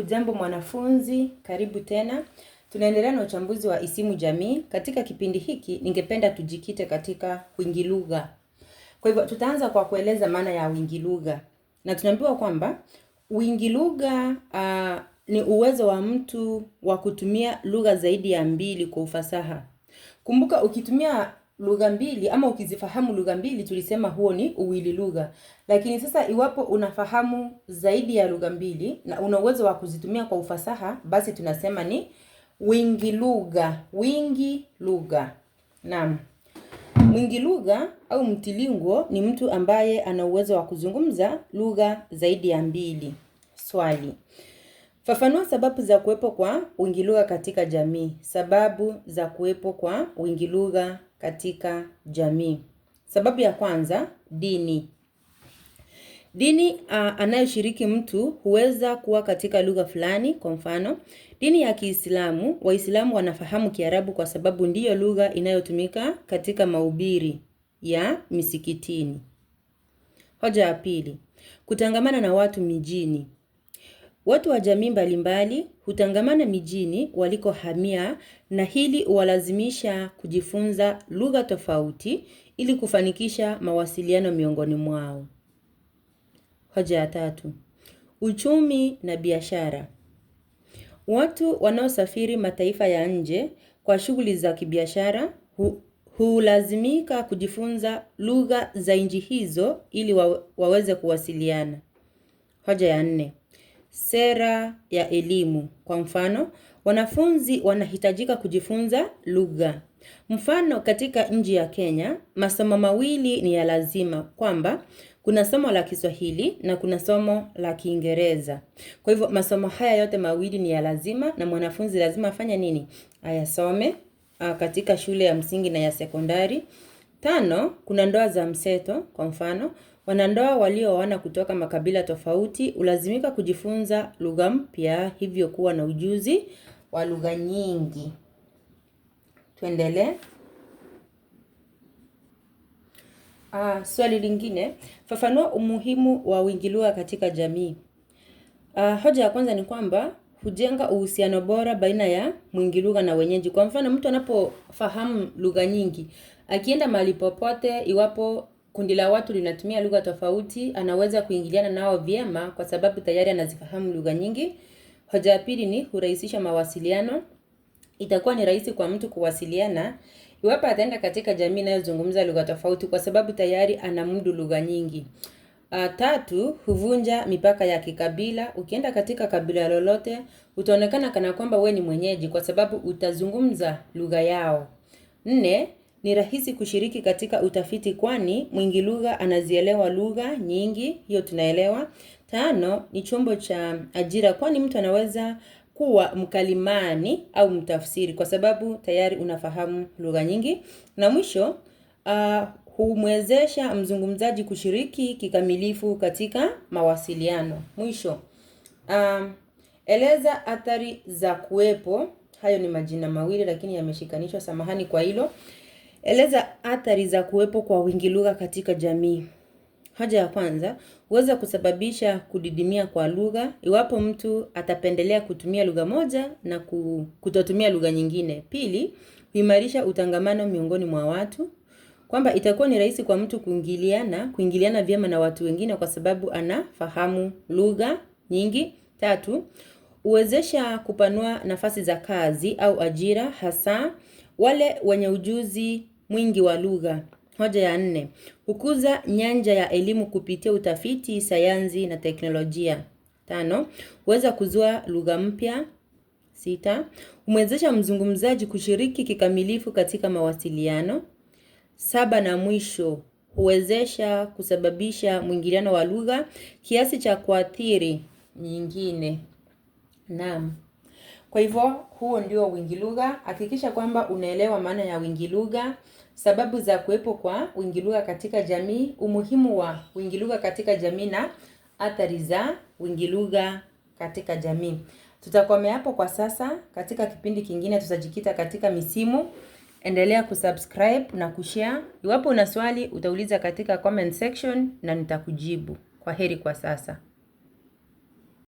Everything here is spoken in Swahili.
Hujambo mwanafunzi, karibu tena. Tunaendelea na uchambuzi wa isimu jamii. Katika kipindi hiki, ningependa tujikite katika wingi lugha. Kwa hivyo, tutaanza kwa kueleza maana ya wingi lugha, na tunaambiwa kwamba wingi lugha uh, ah, ni uwezo wa mtu wa kutumia lugha zaidi ya mbili kwa ufasaha. Kumbuka, ukitumia lugha mbili ama ukizifahamu lugha mbili, tulisema huo ni uwili lugha. Lakini sasa iwapo unafahamu zaidi ya lugha mbili na una uwezo wa kuzitumia kwa ufasaha, basi tunasema ni wingi lugha. Wingi lugha. Naam. Mwingi lugha au mtilingo ni mtu ambaye ana uwezo wa kuzungumza lugha zaidi ya mbili. Swali. Fafanua sababu za kuwepo kwa wingi lugha katika jamii. Sababu za kuwepo kwa wingi lugha katika jamii. Sababu ya kwanza, dini. Dini uh, anayoshiriki mtu huweza kuwa katika lugha fulani. Kwa mfano, dini ya Kiislamu, Waislamu wanafahamu Kiarabu kwa sababu ndiyo lugha inayotumika katika mahubiri ya misikitini. Hoja ya pili, kutangamana na watu mijini. Watu wa jamii mbalimbali hutangamana mijini walikohamia na hili huwalazimisha kujifunza lugha tofauti ili kufanikisha mawasiliano miongoni mwao. Hoja ya tatu. Uchumi na biashara. Watu wanaosafiri mataifa ya nje kwa shughuli za kibiashara hu hulazimika kujifunza lugha za nchi hizo ili waweze kuwasiliana. Hoja ya nne sera ya elimu. Kwa mfano, wanafunzi wanahitajika kujifunza lugha. Mfano, katika nchi ya Kenya, masomo mawili ni ya lazima kwamba kuna somo la Kiswahili na kuna somo la Kiingereza. Kwa hivyo masomo haya yote mawili ni ya lazima na mwanafunzi lazima afanye nini? Ayasome katika shule ya msingi na ya sekondari. Tano, kuna ndoa za mseto kwa mfano Wanandoa walioona kutoka makabila tofauti ulazimika kujifunza lugha mpya hivyo kuwa na ujuzi wa lugha nyingi. Tuendelee. Ah, swali lingine, fafanua umuhimu wa uingilio katika jamii. Ah, hoja ya kwanza ni kwamba hujenga uhusiano bora baina ya mwingi lugha na wenyeji. Kwa mfano mtu anapofahamu lugha nyingi, akienda mahali popote iwapo kundi la watu linatumia lugha tofauti, anaweza kuingiliana nao vyema kwa sababu tayari anazifahamu lugha nyingi. Hoja ya pili ni hurahisisha mawasiliano. Itakuwa ni rahisi kwa mtu kuwasiliana iwapo ataenda katika jamii inayozungumza lugha tofauti, kwa sababu tayari anamudu lugha nyingi. A, ah, tatu, huvunja mipaka ya kikabila. Ukienda katika kabila lolote utaonekana kana kwamba we ni mwenyeji, kwa sababu utazungumza lugha yao. Nne, ni rahisi kushiriki katika utafiti kwani mwingi lugha anazielewa lugha nyingi, hiyo tunaelewa. Tano, ni chombo cha ajira kwani mtu anaweza kuwa mkalimani au mtafsiri kwa sababu tayari unafahamu lugha nyingi. Na mwisho, humwezesha mzungumzaji kushiriki kikamilifu katika mawasiliano. Mwisho, eleza athari za kuwepo. Hayo ni majina mawili lakini yameshikanishwa samahani kwa hilo. Eleza athari za kuwepo kwa wingi lugha katika jamii. Hoja ya kwanza, huweza kusababisha kudidimia kwa lugha iwapo mtu atapendelea kutumia lugha moja na kutotumia lugha nyingine. Pili, huimarisha utangamano miongoni mwa watu, kwamba itakuwa ni rahisi kwa mtu kuingiliana, kuingiliana vyema na watu wengine kwa sababu anafahamu lugha nyingi. Tatu, huwezesha kupanua nafasi za kazi au ajira hasa wale wenye ujuzi mwingi wa lugha. Hoja ya nne, hukuza nyanja ya elimu kupitia utafiti, sayansi na teknolojia. Tano, huweza kuzua lugha mpya. Sita, humwezesha mzungumzaji kushiriki kikamilifu katika mawasiliano. Saba na mwisho, huwezesha kusababisha mwingiliano wa lugha kiasi cha kuathiri nyingine. Naam. Kwa hivyo huo ndio wingi lugha. Hakikisha kwamba unaelewa maana ya wingi lugha, sababu za kuwepo kwa wingi lugha katika jamii, umuhimu wa wingi lugha katika jamii na athari za wingi lugha katika jamii. Tutakomea hapo kwa sasa. Katika kipindi kingine tutajikita katika misimu. Endelea kusubscribe na kushare. Iwapo una swali utauliza katika comment section na nitakujibu. Kwa heri kwa sasa.